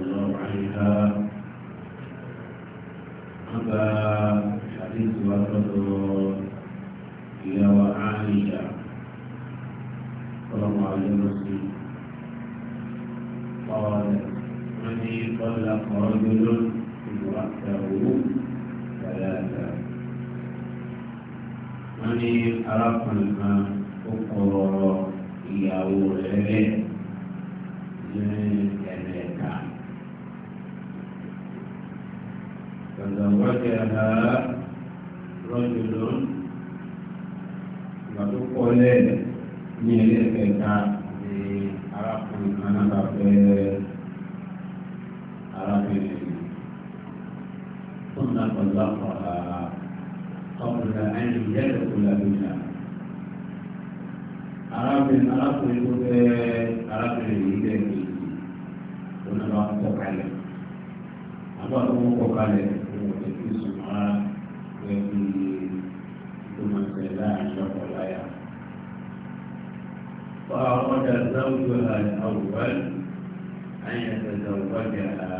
الله عليها أما حديث وفد إلى وعائشة صلى الله عليه وسلم قالت من طلق رجل امرأته ثلاثة wọ́n ní arákùnrin kan ó kọ ìyàwó rẹ̀ lẹ́yìn تزوجها رجل وتقولين من الإفكا arákùnrin kan náà bá fẹ́ arábìnrin tó ń dàpọ̀ lọ́pọ̀ ọ̀pọ̀lọpọ̀ ẹni yẹ́lẹ̀ kó lábẹ́jà. arábìnrin arákùnrin tó fẹ́ arábìnrin yìí bẹ́ẹ̀ kejì tó náà bá kọ́ kalẹ̀ àbá tó kọ́ kalẹ̀ wọn ti fi sùn á gẹ́gẹ́ bí tó máa tẹ̀ láàrin lọ́kọ̀ láyà. فأراد زوجها الأول أن يتزوجها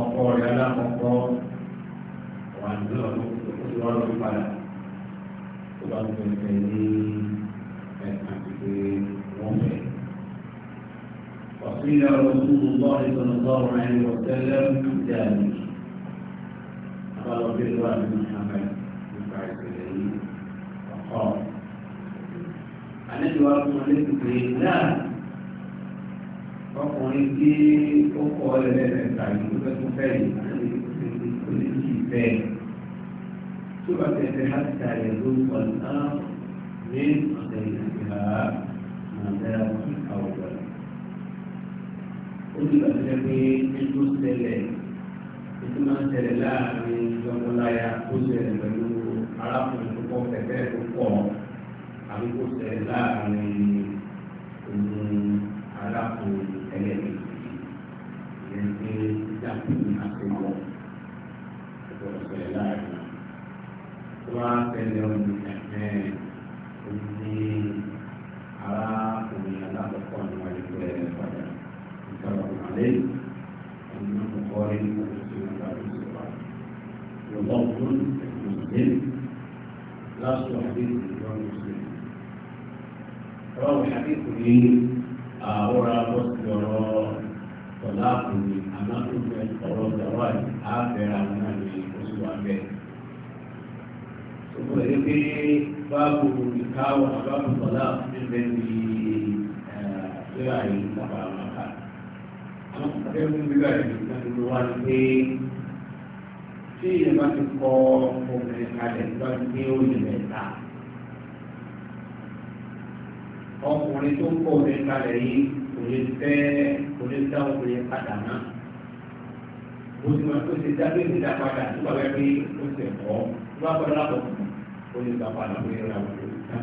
ọkọ rẹ alákọ̀ọ́kọ́ wà ní ọdún ọdún padà tó bá إلى رسول الله صلى الله عليه وسلم ذلك قال في الله بن حمد مفعل إليه فقال أنا جواب قلت لا فقلت أقول لك سعيد فقلت فقلت فقلت فقلت فقلت حتى يذوق الأرض من أخيها ما دام في ó ti gbà sílẹ̀ pé ètò ṣẹlẹ̀ ètò máa ń ṣẹlẹ̀ láàrin lọ́kọláya tó ṣẹlẹ̀ pẹ̀lú arákùnrin tó kọ́ fẹ̀fẹ́ tó pọ̀ àbí kó ṣẹlẹ̀ láàrin òun arákùnrin ẹlẹ́gbẹ̀ẹ́ ìyẹn pé dákùnrin àti mọ́ ọ̀pọ̀ ṣẹlẹ̀ láàrin wọn á ṣẹlẹ̀ ọ̀hún ẹ̀ẹ́. حديث الإمام مسلم رواه الحديث من أورا مسلم طلاق من أماكن القرون زواج آخر من الأسوة به ثم يبقى باب النكاح وباب الطلاق الذي لا ينتفع مكان أنا أتكلم بذلك لأنه الوالدين tí ìyẹn bá ti kọ ọmọ ẹ̀ kalẹ̀ bá ti gbé òyìnbẹ̀ ta ọkùnrin tó kó obìnrin kalẹ̀ yìí kò lè fẹ́ kò lè dá obìnrin padà náà bó ti máa tó ṣe dágbé ìdá padà tó bá wẹ́ẹ́ pé ó ṣe kọ́ tó bá padà bọ̀ ó lè gbà padà pé ra òkè òkúta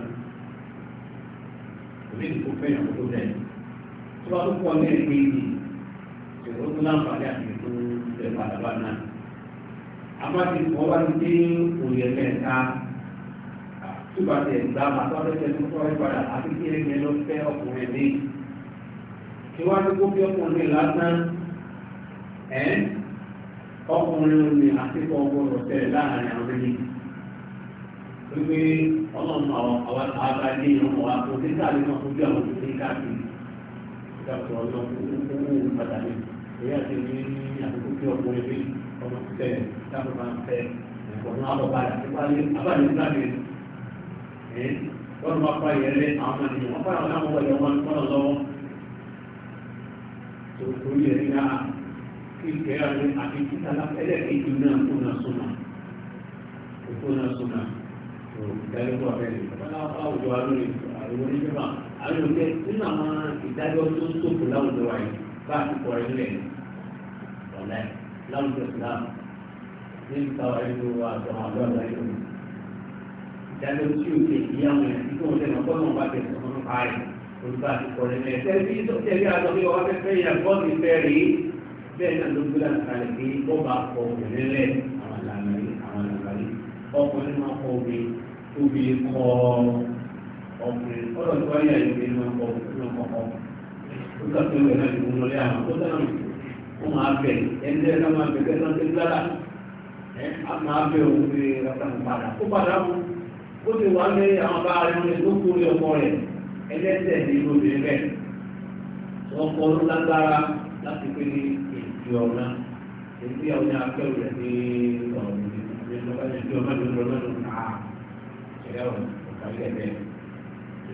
kò ní ìdìbò fẹ́ ìyàwó tó dẹ̀ tó bá tó pọ̀ ní ẹ̀gbẹ́ ìdì ìṣòro tó láǹfààní àti ètò ìṣẹ̀lẹ̀ padà bá náà àmọ́ àti ìfọwọ́ ti dé òye túbà tẹ̀ gbà máa tọ́ lẹ́sẹ̀ tó tọ́ ìpadà àti kéré yẹn ló fẹ́ ọkùnrin mi. Ìwádìí kó fi ọkùnrin lásán ẹ̀ ọkùnrin omi àtikọ̀ ọgbọ́dọ̀ tẹ̀ láàrin àwọn méjì. Wípé ọlọ́run àwọn abáyé ìrànwọ́ wa kò sí káàdì náà fojú àwọn òṣèlú káàkiri. Ìjọba ọlọ́run kò kó owó pàtàkì. Ìyá àti ìwé ní àkókò kí ọkùnrin mi ọmọ tẹ̀ dábòbá ń fẹ́ ẹ̀kọ́ náà lọ́ wọ́n máa pa ìyẹn lé àwọn ọmọ ènìyàn wọ́n pa àwọn ọmọ ìyẹn wọn kọ́ lọ́wọ́ tó torí ẹ̀ ní náà kí ìkẹ́ àti àti títà ẹlẹ́kẹ̀ẹ́jì náà kó náà súnmọ́ kó náà súnmọ́ tó ìdálẹ́kọ̀ọ́ abẹ́rẹ́ ìfọwọ́láwọ́ àwùjọ alórí àìwọ ní bíbá àlọ́ jẹ́ nínú àwọn ìdájọ́ tó tókù láwùjọ wa yìí bá àtìkọ́ rẹ̀ nílẹ̀ ọ̀lẹ́ láwùjọ ìsìlámù ní ìdájọ́ tí o lè ní àwọn èèyàn tí kò ń tẹ̀lé ọgbọ́n náà wá bẹ̀rẹ̀ sọ́kọ́ nípa rẹ̀ olùkọ́ àti kọ̀ọ̀lẹ́ mẹ́rin tẹ́lẹ̀ bí tẹ́lẹ̀ àjọ bí ọba fẹ́fẹ́ yà bọ́ọ̀lù ìfẹ́ rèé bẹ́ẹ̀ náà ló gbé láti kalẹ̀ pé bọ́ọ̀bà kọ obìnrin lẹ̀ àwọn làlàyé àwọn làlàyé ọkùnrin máa kọ obìnrin obìnrin kọ ọkùnrin ọ̀dọ̀ tó wáyé àyè máa kọ obìnrin kọ̀ọ̀kọ̀ ó sàpé wẹ̀ náà ìwọ̀n lọ́lẹ́ ó sì wá lé àwọn bá rẹ̀ lé tó kú lé ọkọ rẹ̀ ẹlẹ́sẹ̀ ní obìnrin bẹ́ẹ̀ wọ́n kọ́ ló lágbára láti pé ní èdè ọ̀nà èdè ọ̀nà akẹ́wò rẹ̀ ní ọ̀nà èdè ọ̀nà ló lọ lọ́dún náà ṣẹlẹ̀ ọ̀nà ọ̀kàlẹ̀ bẹ́ẹ̀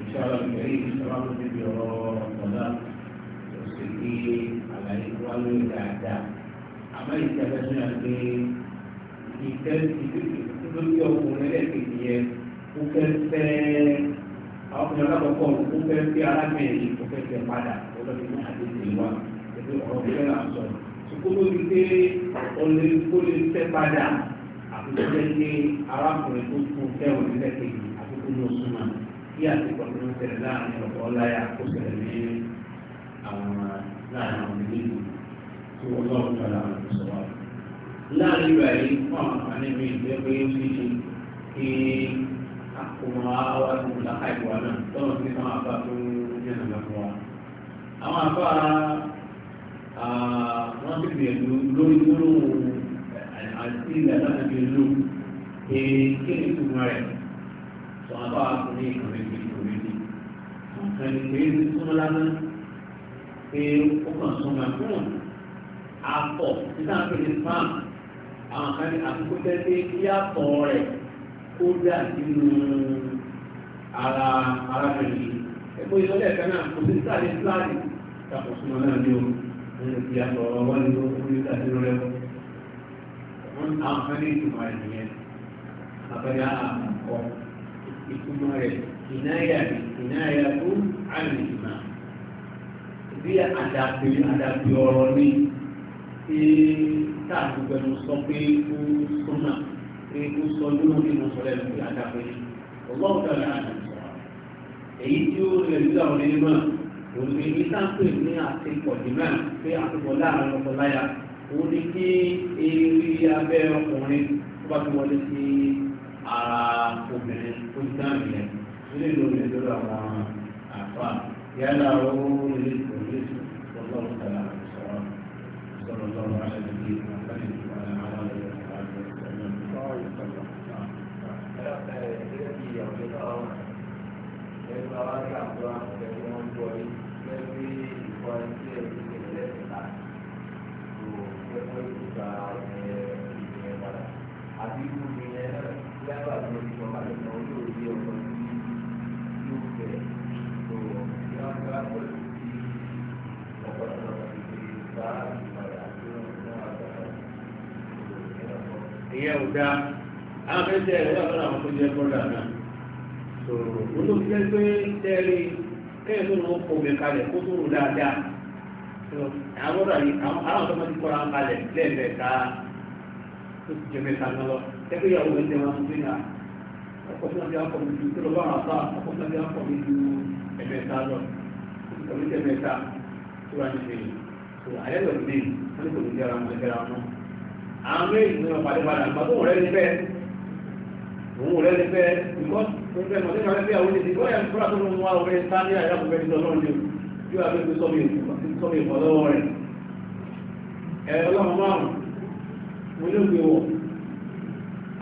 ìṣàlọ̀ ìgbẹ́rẹ́ ìṣàlọ̀ tó ti di ọ̀rọ̀ ọ̀nà òsì ní àlàyé wa lórí dáadáa àmọ́ ìṣàlẹ̀ sọ́yà pé ìtẹ́ ìtẹ́ ìtẹ́ ó fẹ́ fẹ́ àwọn ọmọ ìyàwó àkọ́kọ́ ó fẹ́ fẹ́ arábìnrin ó fẹ́ fẹ́ padà ọlọ́dún ní àdéhùn wa ẹgbẹ́ ọ̀rọ̀ ìfẹ́ náà sọ sukulu ti pé ọlẹ́ kó lè fẹ́ padà àkókò pé arákùnrin tó tún fẹ́ òní lẹ́kẹ̀ẹ́ àkókò ní oṣù náà kí àtìkọ́ tó ń tẹ̀lé láàrin ọ̀pọ̀ ọláyà kó tẹ̀lé ní àwọn láàrin àwọn ìlú tó ọlọ́run tó ara rẹ̀ sọ wá. láàrin ìgbà yìí fún àwọn àǹfààní mi ìgbẹ́ pé ó ti ṣe kí àkùnmọ̀ àwọn àtúntà àìwà náà tọ́nà sí àwọn àbá tó yẹn nà fún wa. àwọn àbá wọn ti gbìyànjú lórí gbólóhùn àti ìlànà àti ìlú kí ni ìtumọ̀ rẹ̀ sọ àbá àkùnrin ìkànnì ìkànnì ìkànnì ìkànnì ìkànnì ìkànnì pé ó kàn sún ma fún un àpọ̀ nígbà tó ní spam àwọn kan àkókò tẹ́lẹ̀ kí àpọ̀ rẹ̀ ó dà sínú ara arábìnrin ẹ̀kọ́ ìsọ̀lẹ̀ ẹ̀ka náà kò sí sáà ní fúláàdì kàpọ̀ súnmọ́ náà ní o ní ti àtọ̀ wọn ní o ní ìtàdé rẹ wọn àǹfẹ́ ní ìtumọ̀ rẹ̀ nìyẹn àbẹ̀rẹ̀ àkọ́ ìtumọ̀ rẹ̀ ìnáyà ìnáyà tó àmì ìmọ̀ bí àdàpè àdàpè ọ̀rọ̀ ní tí táàbù pẹ̀lú sọ pé ó súnmọ́ ètò sọdún nínú sọlẹ̀ lù àdàpẹ́ ọlọ́run tàbí àdàpẹ́ èyí tí ó lè ní àwọn ẹni náà òní ní sáńpẹ̀ ní àtìkọ̀ dìmọ̀ pé àtìkọ̀ láàrin ọkọ̀ láyà òun ni kí eré abẹ́ ọkùnrin tó bá fi wọlé sí ara obìnrin tó ti dáhùn yẹn nílé lórí lórí àwọn àfa yálà ó lè kò lè ọlọ́run tàbí àdàpẹ́ sọ̀rọ̀ sọ̀rọ̀ lọ́wọ́ àṣẹ àbí irú mi yẹn lẹ́gbàá tó ti sọ máa lè mọ olóògbé ọkọ tí yóò fẹ́ tó yá gbá pẹ̀lú tí ọkọ tó àwọn akẹ́kẹ́ rẹ̀ wà lọ́dọ̀ àwọn tó jẹ́ bọ́dà so wọn ló fi jẹ́ pé tẹ́ẹ̀rí kẹ́yìn tó lọ́wọ́ kó mi kalẹ̀ kó tó rò dáadáa àwọn ọ̀rọ̀ yìí àwọn tó máa ti kọ́ra kalẹ̀ lẹ́ẹ̀mẹ́ta tó ti jẹ́ mẹ́ta náà lọ tẹ́kẹ́ yà wọ́n jẹ́ wọn fún yà ọkọ̀ fún ọdí akọ̀ mi ju tó lọ́wọ́ àpá ọkọ̀ fún ọdí akọ̀ mi ju ẹ̀mẹ́ta lọ ìtọ́jú ẹ̀mẹ́ta tó òun rẹ̀ lè fẹ́ ìkọ́ tó fẹ́ mọ̀ nípa ẹgbẹ́ àwọn èdè ìkọ́ yẹn fúra tó ń wá orí sáníà ìyàwó fẹ́ nítorí ọlọ́run ni bí wàá fẹ́ sọ́mi ìfọ̀ lọ́wọ́ rẹ̀ ẹ̀ ọlọ́run márùn-ún mo ní òkè wọ̀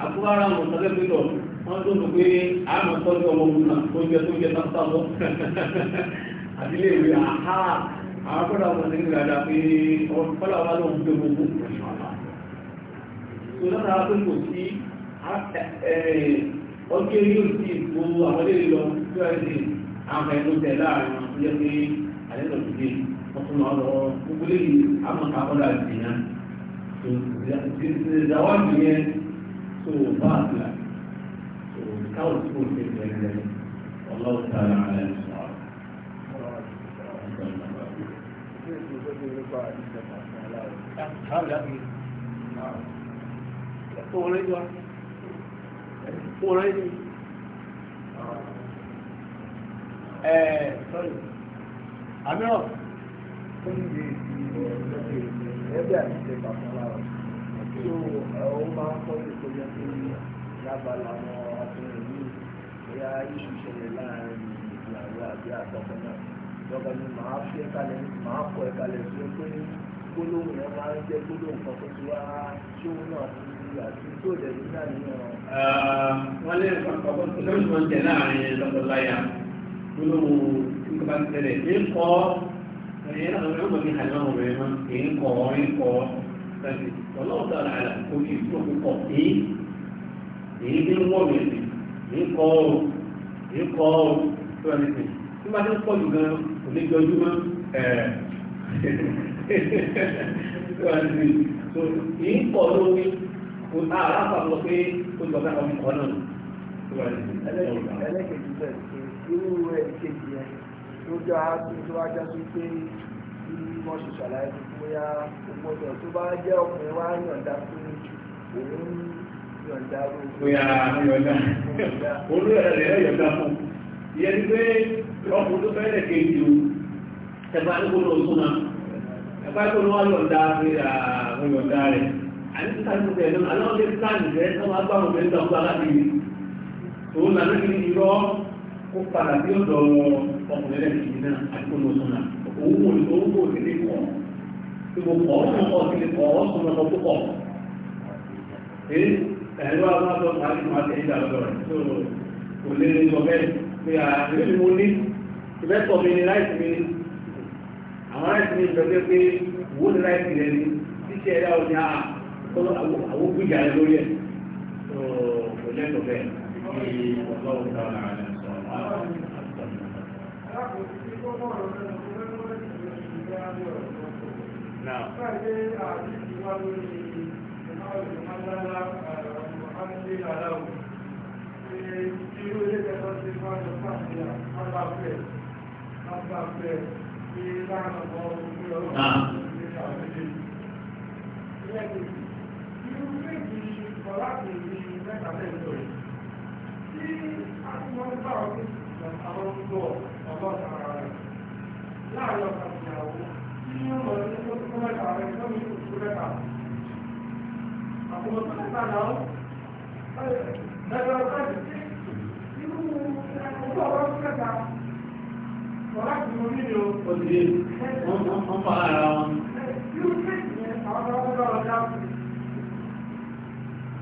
àkúrárá mọ̀ sọ́lẹ́ pé lọ wọ́n tó lò pé àmọ̀ sọ́jú ọmọ òun náà tó jẹ tó jẹ sáfúsáfọ́ àwọn akọ́dà ọmọ ọjọ́ yóò ti gbó àwọn ilé lọ ẹ̀sì àwọn ẹ̀mú tẹ̀ láàrin wọn tó yẹ pé àlẹ́lọ tí kò ṣe gbẹ̀rẹ̀ ọlọ́wọ́ tààrà wọ́n rán ní ẹ̀ sọ́rí àmíràn ó ní ìdí ẹgbẹ́ àtijọ́ ìpàkọ́lá máa ń kọ́ ìkọjá tó ní lábala àwọn ọkùnrin yìí bóyá iṣu ìṣẹ̀lẹ̀ láàrin ìyàwó àbí àtọkọ náà lọ́kọ̀ ni màá fi ẹ̀kalẹ̀ màá kọ ẹ̀kalẹ̀ sí pé gbólóhùn yẹn máa ń jẹ́ gbólóhùn kan tó ti wá ṣé òun náà fún mi wọ́n lé ọ̀pọ̀ tó ń jẹ láàrin lọ́kọ̀láyà nínú nípa tẹ̀lé ní kọ́ ẹ̀yìn àwọn ọmọ mi hàn náà rẹ̀ mọ́ èyí ń kọ́ ọ̀rẹ́ ń kọ́ láti ọlọ́run tó àlà àlà kò ní ìfúnpọ̀ púpọ̀ èyí èyí ní wọ́n mi sí èyí kọ́ ọ̀rọ̀ èyí kọ́ ọ̀rọ̀ tó wà nípa tí wọ́n ti ń pọ̀ jù gan kò ní jọjú mọ́ ẹ̀ tó wà nípa èyí kọ́ lórí kò tá a ráfà lọ pé ó lọ bá ọmọ kan náà. ẹlẹ́kẹ̀jì bẹ́ẹ̀ irú rẹ̀ kejì yẹn tó já tó wá já sí pé bí wọ́n ṣe ṣàlàyé fún bóyá gbogbo ọ̀dọ̀ tó bá jẹ́ ìyẹn ni pé ọkùnrin tó fẹ́rẹ̀ kejì o ẹ̀fà tó kó lọ sún náà ẹ̀fà tó lọ́wọ́ yọ̀ǹda rẹ̀ àyè títà ní ọ̀sẹ̀ ẹ̀dọ́ àlọ́ ọ̀sẹ̀ títà nìjẹ́ táwọn agbáwọn ọ̀sẹ̀ nígbà ọ̀sẹ̀ alábìyí tó ń lànà ní irọ́ kó padà sí ọ̀dọ̀ wọn ọkùnrin lẹ́yìn náà àti kóńtòsọ́nà òun kò ní owó kò sí ní kọ́ tí mo kọ́ ọ̀sán kọ́ sí ní kọ́ ọ̀sán lọ́kọ́ tó kọ́ ẹ̀rọ àwọn àtọ́ àti màá tẹ̀yìn dà lọ́dọ̀ rẹ̀ tó kò lé ní sọ bẹ́ẹ̀ pé àbẹ̀rẹ̀ mi mo ní ìbẹ́tọ̀ mi ní láìsí mi ní àwọn láìsí mi ìfẹ́ pé wó ní láìsí rẹ̀ ní ṣíṣe ẹ̀dá òní àà àwọn gbìyà rẹ lórí ẹ̀ kò lẹ́nu bẹ́ẹ̀ ní ọlọ́run táwọn àrẹ sọ Now. Ah. Wọ́n fara wọn. Yóò fẹ́ ìyẹn àwọn ọmọ ọlọ́run dáhùn.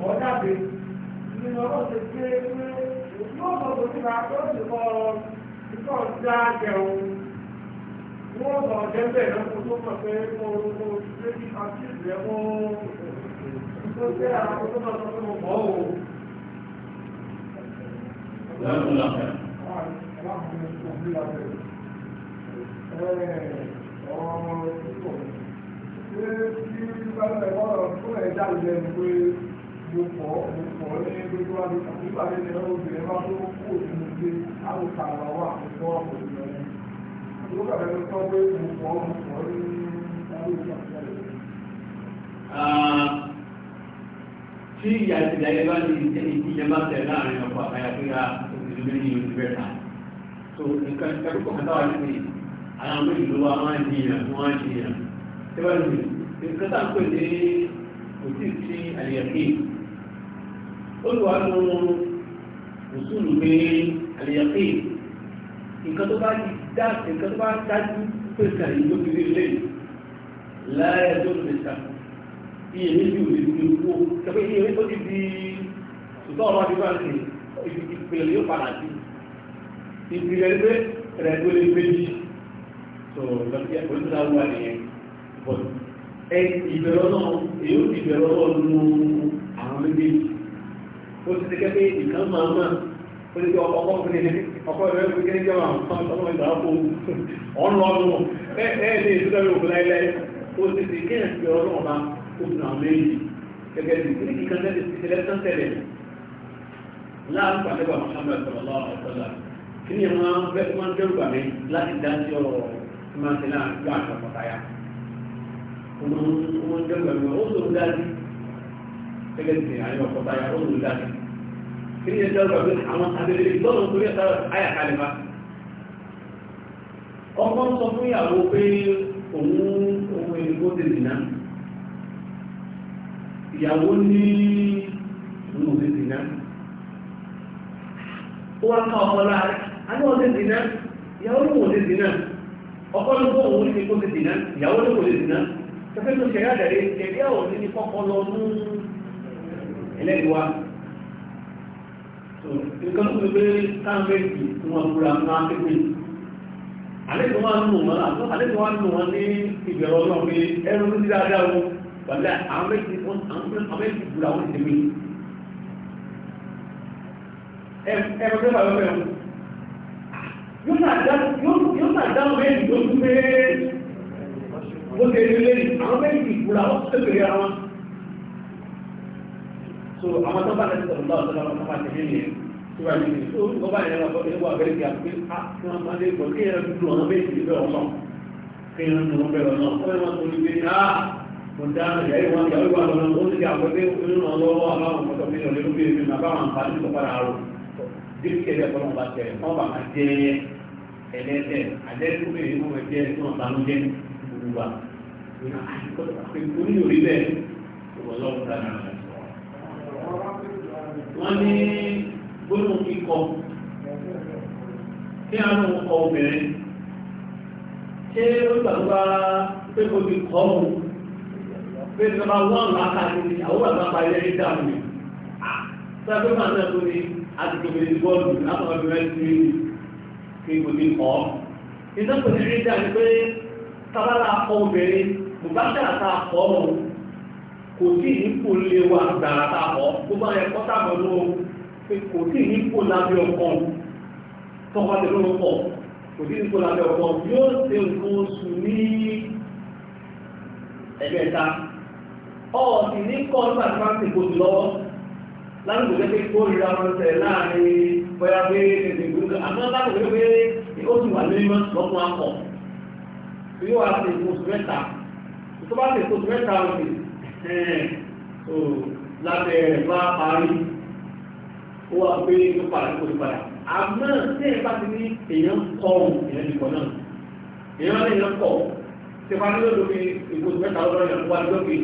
mo jáde ní ọlọ́ ṣe gbé pé yóò mọ̀ tó ti ra tó ti kọ́ ikọ̀ já jẹun wọ́n mọ̀ ọ̀jẹ́ bẹ́ẹ̀ lọ́kùn tó mọ̀ pé mo mo ṣe kí àti ìrẹ́ mọ́ tó ṣe àwọn tó mọ̀ tó mọ̀ mọ́ o. Ọ̀rọ̀ tí ṣe é sí bá ń bẹ̀ bọ́ọ̀rọ̀ fún ẹ̀dá pé mo fọ́ mo fọ́ ní gbogbo àti àbíbà lẹ́nu ẹ̀rọ obìnrin bá tó kú òfin mi gbé àwòkà àwọn àwọn àkókò àwọn ènìyàn ní. Àbúrò bàbá mi sọ pé mo fọ́ mo fọ́ ní àwòkà àkókò rẹ̀. Tí ìyá ìdílé ayé bá ní ìdílé ìdílé bá tẹ̀ láàrin ọkọ̀ àtàyà tó yá òṣèlú méjì oṣù mẹ́ta. So nǹkan ìkẹ́rù kọ̀ọ̀kan táwa ní àwọn méjì ló wá máa ń jiyàn wọ́n á jiyàn. Ṣé wàá nìyí? Nǹkan táà ń pè ní kò tí olùwàlú òṣùlù pé àlèyàpé nǹkan tó bá ti dá nǹkan tó bá dájú pé kàrí tó fi lélẹ̀ láyé tó lè ta iye méjì ò lè fi owó tàbí iye méjì ó ti di ṣùgbọ́n ọ̀rọ̀ àti báńkì ìpìlẹ̀ yóò padà sí ìpìlẹ̀ pé rẹ̀ tó lè méjì tó lọ́sí ẹ̀kọ́ tó dáwọ́ àlèyàn bọ̀ ẹ ìbẹ̀rọ̀ náà èyí ó ti bẹ̀rọ̀ náà nù àwọn méjèèjì ó ti ti kẹ́kẹ́ ìkan máa máa ó ti ti ọkọ̀ ọkùnrin ọkọ̀ ìrẹ́ ìwé kékeré jẹ́ àwọn ọmọ ìgbà ọkọ̀ ọ̀nà ọdún ẹ̀ ẹ̀ lè ṣúgbẹ́ òkú láìláì ó ti ti kí ẹ̀sìn ọlọ́run ọba ó ti nà méjì gẹ́gẹ́ bí kí kíkan tẹ́lẹ̀ ti tẹ́lẹ̀ tán tẹ́lẹ̀ láàrúkọ àdébà Muhammad sallallahu alaihi wa sallam kí ni ẹ̀ máa ń bẹ́ máa ń dẹ́rù bà mí láti dá sí ọ̀rọ̀ ìmáṣẹ́ náà ẹlẹ́sìn àyàn ọ̀pọ̀ta ya ó lù dáadé kí ní ẹjọ́ ọ̀rọ̀ lórí àwọn adéré lọ́nà torí ẹ̀ta àyà kalẹ̀má ọkọ ń sọ fún ìyàwó pé òun ohun ènìkó ti dìná ìyàwó ní òun ò ti dìná ó wá ká ọkọ láàrin àní ò ti dìná ìyàwó ní òun ò ti dìná ọkọ ní kó òun ní kó ti dìná ìyàwó ní kò ti dìná kẹfẹ́ ẹlẹ́rìí wà nǹkan tó gbé táńbẹ́ẹ̀kì tí wọ́n gbúra máa ń pépè àlejò wọn nù wọn àtọ́ àlejò wọn nù wọn ní ìbẹ̀rù ọlọ́run pé ẹrù ní dáadáa o pàdé àwọn méjì wọn àwọn méjì gbúra wọn ti mí ẹ̀rọ tó bá yọ bẹ́ẹ̀ o yóò máa dáhùn méjì tó tún pé bó ṣe lé àwọn méjì gbúra wọn tó tẹ̀lé ara wọn so àwọn tó bá lẹ́sẹ̀ lọ́wọ́ tó lọ́wọ́ tó bá tẹ̀lé oh, yẹn tó bá yẹn tó ó bá yẹn lọ́wọ́ tó wà bẹ́ẹ̀ kí a pé a ah, kí wọ́n máa lé pọ̀ kí yẹn dùn ọ̀nà bẹ́ẹ̀ sì bẹ́ẹ̀ ọ̀nà kí yẹn dùn ọ̀nà bẹ́ẹ̀ ọ̀nà ó yẹn máa tóbi pé a kò dá ìyá ìwà ìyá ìwà lọ́nà ó ti àpò pé nínú ọlọ́wọ́ aláwọ̀ mọ́tò mi lọ́lẹ́ lóbi èmi màbá wọn pa ní ìtọ́padà arò wọ́n ní gbólóhùn kíkọ tí a ń kọ obìnrin ṣé ó gbàgbá pé kò ti kọ́ òun pé ìjọba wọ́n lákàtí ni àwọn bàbá parí ẹni dàmù ni sọ́dọ̀ máa ń sẹ́kù ni àti tòmìnì ti bọ́ọ̀lù látọ̀ ọdún kí kò ti kọ́ ìjọba rí dà pé tábàlà kọ obìnrin bùbá tẹ̀ àtà kọ́ òun kò sí ìyípo lè wà gbàrà tàbọ̀ tó bá yẹ kọ́ tàbọ̀ ló pé kò sí ìyípo lábẹ́ ọkọ̀ tọ́wọ́ tẹ̀lé ọkọ̀ kò sí ìyípo lábẹ́ ọkọ̀ yóò ṣe nǹkan oṣù ní ẹ̀mẹ́ta ọ̀sìn ní kọ́ nígbà tí wọ́n ti kò sí lọ́wọ́ lánàá jẹ́ pé kórìíra wọn tẹ̀ láàrin bóyá pé èdè gbogbo àmọ́ lánàá jẹ́ pé ó ti wà lórí mọ́ lọ́kùn akọ̀ yóò wá sí oṣù mẹ́ta tó bá sí oṣù mẹ́ta ọ̀sìn ẹ̀ẹ́n tó lábẹ́ rẹ̀ bá parí ó wà pé ó parí kò ní padà àmọ́ tí ẹ bá ti ní èèyàn kọ ohun èèyàn nìkan náà èèyàn máa ní èèyàn tí wọ́n á lórí ìkóso mẹ́ta lọ́dọ̀ yẹn wá kejì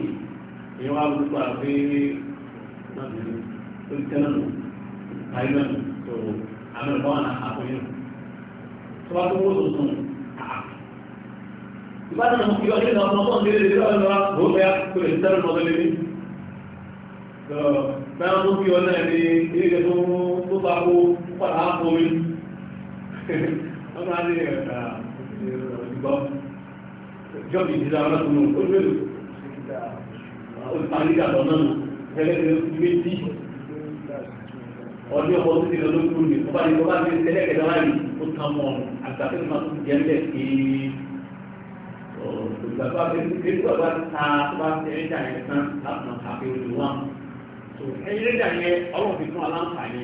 èèyàn wá wọlé pa náà ní tẹ́lẹ̀ nù ìbátan àwọn ìwà nílẹ̀ àwọn ọmọ ìlú ìlú ọ̀lọ́wà bó bẹ́ kó lè sẹ́rù lọ́dọ́ lé ní. náà tó fi ọ̀nà ẹ̀mí ilé tó tó bá kó padà á kó mi. wọ́n máa ní ẹ̀ka ìgbọ́ jọ́bì ìdílé àwọn ọmọ tó lè lò. olùpàdé àtọ̀ náà tẹ́lẹ̀ tẹ́lẹ̀ méjì ọdún ọkọ̀ tó ti lọ lókùn ní ọba ní ọba ní tẹ́lẹ̀ kẹta láyé ó tán mọ́ àgbàdo máa tún jẹ́ bàbá bẹ́ẹ̀ tó bá ta bá tẹ̀lé dà yẹn tán láti máa kà pé o tó ẹyin lé yẹn ọlọ́run fi fún aláǹfààní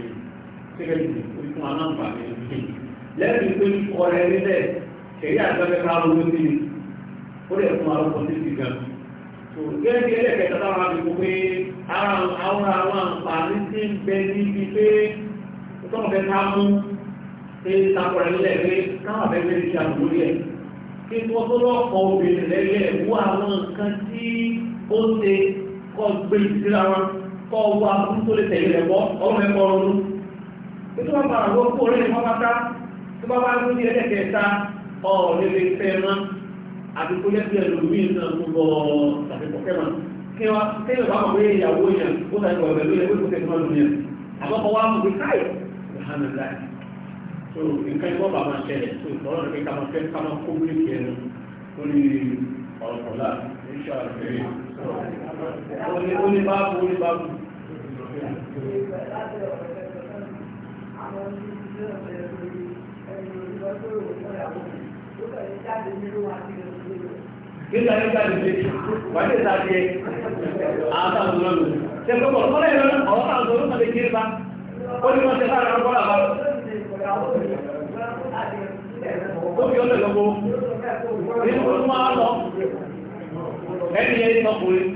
sẹ́kẹ̀lì o fi fún aláǹfààní lẹ́yìn pé ọ̀rẹ́ rí bẹ́ẹ̀ kẹ̀rí àgbẹ̀fẹ́ ká ló lóde ni ó lè fún arúgbó ní ti gan. tó gẹ́gẹ́ bí ẹlẹ́kẹ̀ẹ́ta táwọn àbíkú pé ara àwọn àwọn àǹfààní ti ń bẹ níbi pé tọ́mọ̀fẹ́ ká mú ṣe kí wọ́n tó lọ́pọ̀ obìnrin lẹ́lẹ̀ wú àwọn nǹkan tí ó ṣe kọ́ gbé síra wọn kọ́ wú abúlé tó lè tẹ̀lé rẹ̀ bọ́ ọmọ ẹ̀kọ́ ọdún. ètò wọn bá àwọn okú orí ìwọ́n pátá tó bá bá ní ní ẹlẹ́kẹta ọ̀rẹ́ lè fẹ́ mọ́ àti kó jẹ́sí ẹlòmíín náà tó bọ̀ ṣàfikọ́kẹ́ mọ́ kí wọ́n kí wọ́n bá wọ́n ìyàwó yẹn ó sàkóso ẹ̀rọ ìlú yẹn ó tó nǹkan ẹgbọ́n bàbá ń ṣẹlẹ̀ tó ìtọ́rọ̀ rẹ̀ ká máa fẹ́ ká máa kó bí ìṣẹ́ ẹnu lórí ọ̀rọ̀ kọ̀ọ̀lá níṣà ìṣẹ́lẹ̀ ó ní báàbù ó ní báàbù. Nígbà nígbà nìgbè, wà ní ìta tiẹ̀, àtà òṣèlú. Ṣé gbogbo ọ̀rọ̀ mọ́lẹ̀ ìrọ̀lẹ́ ọ̀rọ̀ àti òṣèlú kan lè kiri bá? Ó ní wọ́n ṣe fáwọn ọ̀rọ̀ bọ́lá bá lọ. Omi ọlọ́ lọ́gbọ́. Nínú tó máa lọ. Ẹni yẹn ní ọkùnrin.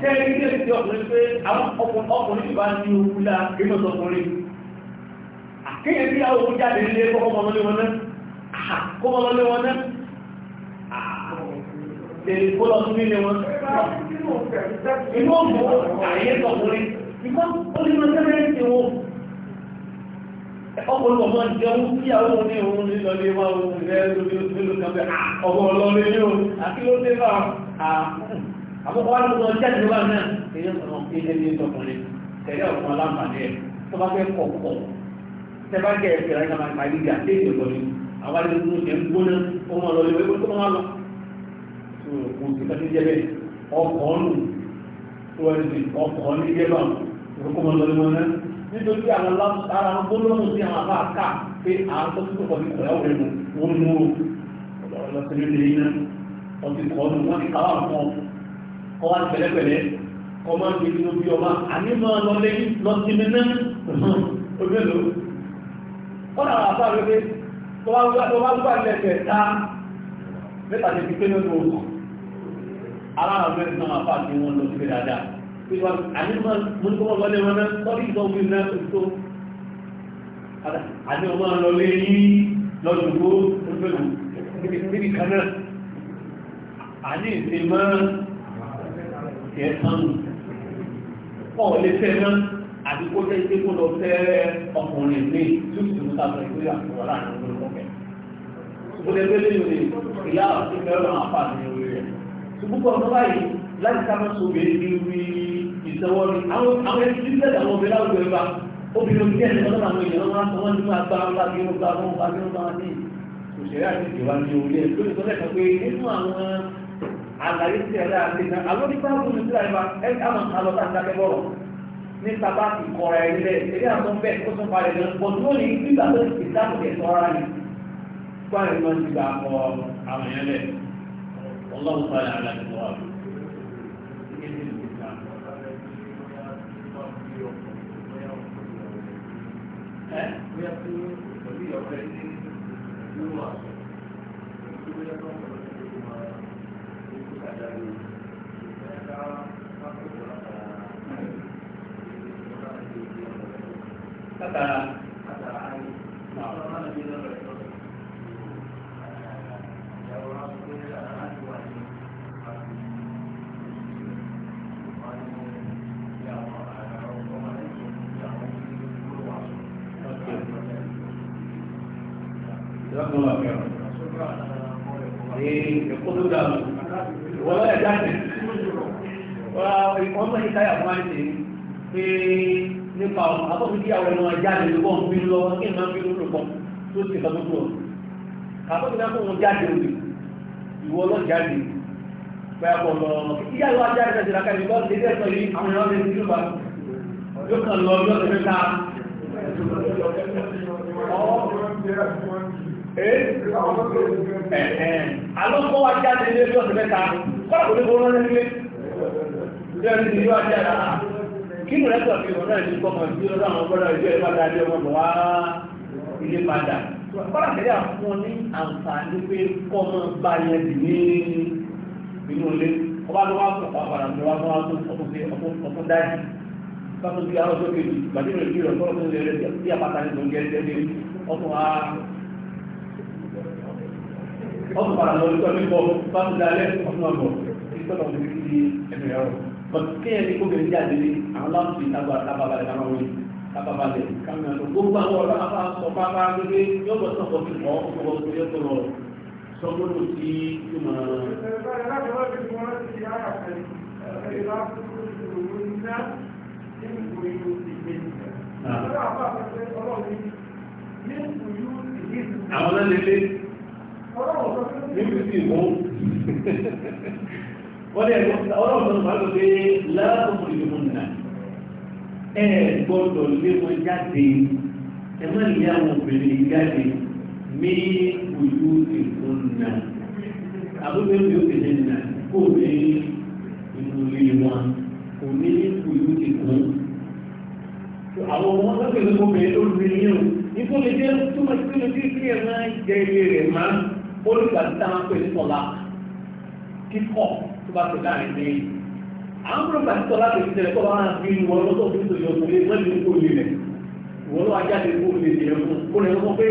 Ṣé ẹni tí èsì ọkùnrin pé àwọn ọkùnrin ti bá ní owó dá kémọ̀ sọkùnrin? Àkéyẹ̀ bí àwọn owó jáde nílé kọ́kọ́ mọ́ lé wọn náà. Kọ́kọ́ mọ́ lé wọn náà. Tèrè kó lọ sí nílé wọn. Inú òmùwọ̀ àyè sọkùnrin. Ìkọ́ ó ní mọ́ sẹ́lẹ̀ ọ̀pọ̀lọpọ̀ máa jẹ́ ohun tí àwọn oní ohun nílọlé wá ohun rẹ̀ lórí oṣù kan bẹ́ ọgbọ̀n ọlọ́rin ní ohun àti ló dé bá ah, àkọ́kọ́ wọn lọ jáde wá náà èèyàn kan ilé ní ìtọkùnrin tẹ̀lé ọ̀pọ̀ aláǹfààní ẹ̀ tó bá fẹ́ kọ̀ọ̀kọ̀ tẹ bá gẹ̀ ẹ̀fẹ̀ rẹ̀ kàmá ìpàdé ìgbà tí èèyàn lọ ní àwọn àti ìlú ṣe ń gbóná ohun ọlọ́lẹ̀ wẹ́gbẹ́ tó máa lọ. kò sí ká ti jẹ bẹ́ẹ̀ ọkọ̀ ọ̀nù tó ẹni ọkọ̀ ọ̀nù jẹ́ bá òkú mọ́ lọ́lẹ́ mọ́ náà nítorí àwọn lára wọn gbólóhùn sí àwọn àbá àká pé àwọn tó tó kọ̀ ní ìpẹ̀lẹ́ òwe mu wọ́n mú ọlọ́sẹ̀lẹ̀ lè iná ọtí kọ́ ọ́nù wọ́n ti ká wà fún ọ kọ́ wá pẹ̀lẹ́pẹ̀lẹ́ kọ́ máa ń gbé nínú bí ọba àní máa lọ lé lọ sí mi náà ojú èlò kọ́ náà àbá rẹ pé tó bá gbà lẹ́sẹ̀ ta mẹ́ta ti fi pé nínú ara àwọn mẹ́rin náà àbá ti wọ́n lọ sí àní kọ́mọ̀ lọ́lé wọn náà tọ́lí ìtọ́wí náà tó àní ọmọ lọlé yí lọ́dùnkó níbi kan náà àní ìsinmọ́ kẹsàn-án pọ̀ lè fẹ́ náà àti kó jẹ́ ìgbé kó lọ fẹ́ ọkùnrin ní tútù sáfẹ́ ìwé àkùrọ̀ láàrin olókọ́kẹ́ ìgbélé lẹ́yìn ní ìyá àti mẹ́rọ̀ àpá àti orí rẹ̀ ṣùgbọ́n ọ̀dọ́ báyìí láti ìsanwó ni àwọn ẹni tí bẹ́ẹ̀ làwọn obìnrin láwùjọ ẹ̀fà obìnrin omi kẹ́lẹ̀ lọ́dọ̀ àwọn èèyàn wọn sọ wọ́n ní máa gbá wọn láti ọgbà wọn bá bí wọ́n bá wọn ní òṣèré àti ìjọba ní orí ẹ̀ lórí sọ lẹ́kọ̀ọ́ pé nínú àwọn àlàyé tí ẹ̀dá àti ìta àlọ́ nípa ọdún ìtura ẹ̀fà ẹ̀ káwọn àlọ́ tá a dákẹ́ bọ̀rọ̀ nípa bá ti kọ̀ra ẹ̀ nílẹ̀ eré àwọn bẹ́ẹ̀ ó tún parẹ̀ lọ pọ̀ tó ní nígbà tó ti dákùnkẹ̀ sọ́ra ni fún àwọn ìmọ̀ ti gbà kọ àwọn yẹn lẹ̀ ọlọ́run fún àlàyé àlàyé tó wà lọ. Kata, kata, kata, kata, kata, kata, الله خيرا يقول له ولا يجهز والله يتايا فمانتي pé nípa àbọ̀fíjì àwọn ẹnu ajáde ló wọ́n fi lọ kí n máa fi lórí pọ̀ tó ti sọ gbogbo àbọ̀fíjì náà fún wọn jáde òbí ìwọ lọ jáde pẹ́yà pọ̀ lọ ìyá lọ ajáde náà ti rákà ìbọn ṣe dé ẹ̀sọ́ yìí àwọn ẹ̀rọ lè fi lóba yóò kàn lọ ọjọ́ tẹ̀lé ká. Àlọ́pọ̀ wa jáde ilé tó ọ̀sẹ̀ mẹ́ta, kọ́lá kò ní kó rán nílé. Lẹ́yìn ìlú ajá rà. Kí ni rẹ́tọ̀ fi wọ́n náà ní kọ́ ọdún padà lọ ìtọ́ nípọ̀ bá ń da alẹ́ ọdún ọgbọ̀ ìtọ́nà òbí ti ẹ̀mí ọ̀rọ̀ but kéèyàn ní kóbìnrin jáde ní àwọn láti tábà tábà balẹ̀ káwọn wọlé tábà balẹ̀ káwọn àtọ̀ gbogbo àwọn ọ̀rọ̀ afá sọ pápá gbégbé yóò bọ̀ sọ̀kọ̀ sí ọ̀ ọ̀kọ̀ tó yẹ kọ̀ọ̀ sọ́gbọ́n tí yóò máa. àwọn lẹ́lẹ́lẹ́ níbi tí mú wọ́n lè ọlọ́run tó máa lò pé láàbùkù ìlú nà ẹ gbọ́dọ̀ lé wọn jáde ẹ má lè àwọn obìnrin jáde mí ojú ìlú nà àbúgbé mi ò tẹ̀lé nà kó ní inú ilé wọn kò ní ojú ìlú àwọn ọmọ wọn lọ́kẹ̀lẹ́ mọ́bìnrin ló ní yẹn o nítorí jẹ́ tó máa ti tó lè kí ẹ olùgbàdì tá a máa ń pè ní sọlá kíkọ tó bá ti láàrin lẹ́yìn àwọn olùgbàdì sọlá lè tẹ̀lé tó bá máa bí wọn lọ tó fi tòyọ tó lé wọn lè kó lè rẹ wọn lọ ajáde kó lè tẹ̀lé fún kó lè wọn pé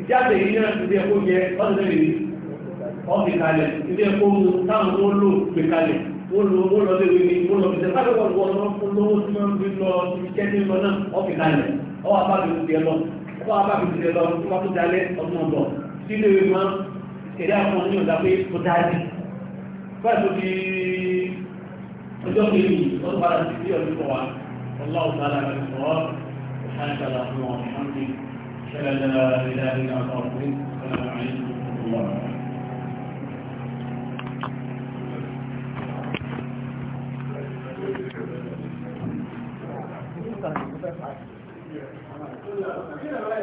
ìjáde yìí náà ti di ẹ̀kọ́ yẹ ọdún lẹ́yìn ọ̀fi kalẹ̀ ilé ẹ̀kọ́ mu táwọn tó lò gbé kalẹ̀ wọ́n lọ wọ́n lọ lé wíwí wọ́n lọ bìtẹ́ báyọ̀ wọ́n wọ́n lọ fún lọ́wọ́ tí wọ́n fi lọ ibi kẹ́tí lọ náà ọ̀fi kalẹ̀ ọwọ́ abábi ti lọ ọwọ́ abábi ti lọ wọ́n tó dalẹ̀ ọdún ọ̀bọ̀ sílé wọn kẹ̀lẹ́ àwọn oníyàn ọ̀dá pé ó dájú fẹ́ẹ̀tù di ọjọ́ kejì ọdún padà sí sí ọdún kan wa ọlọ́run tààlà rẹ̀ sọ ọ́ ìṣàǹkàlà fún wọn ṣáǹkì ṣẹlẹ̀ ìlà ìlà ọ̀pọ̀lọpọ̀ ìṣẹ̀lẹ̀ àìsàn Thank you.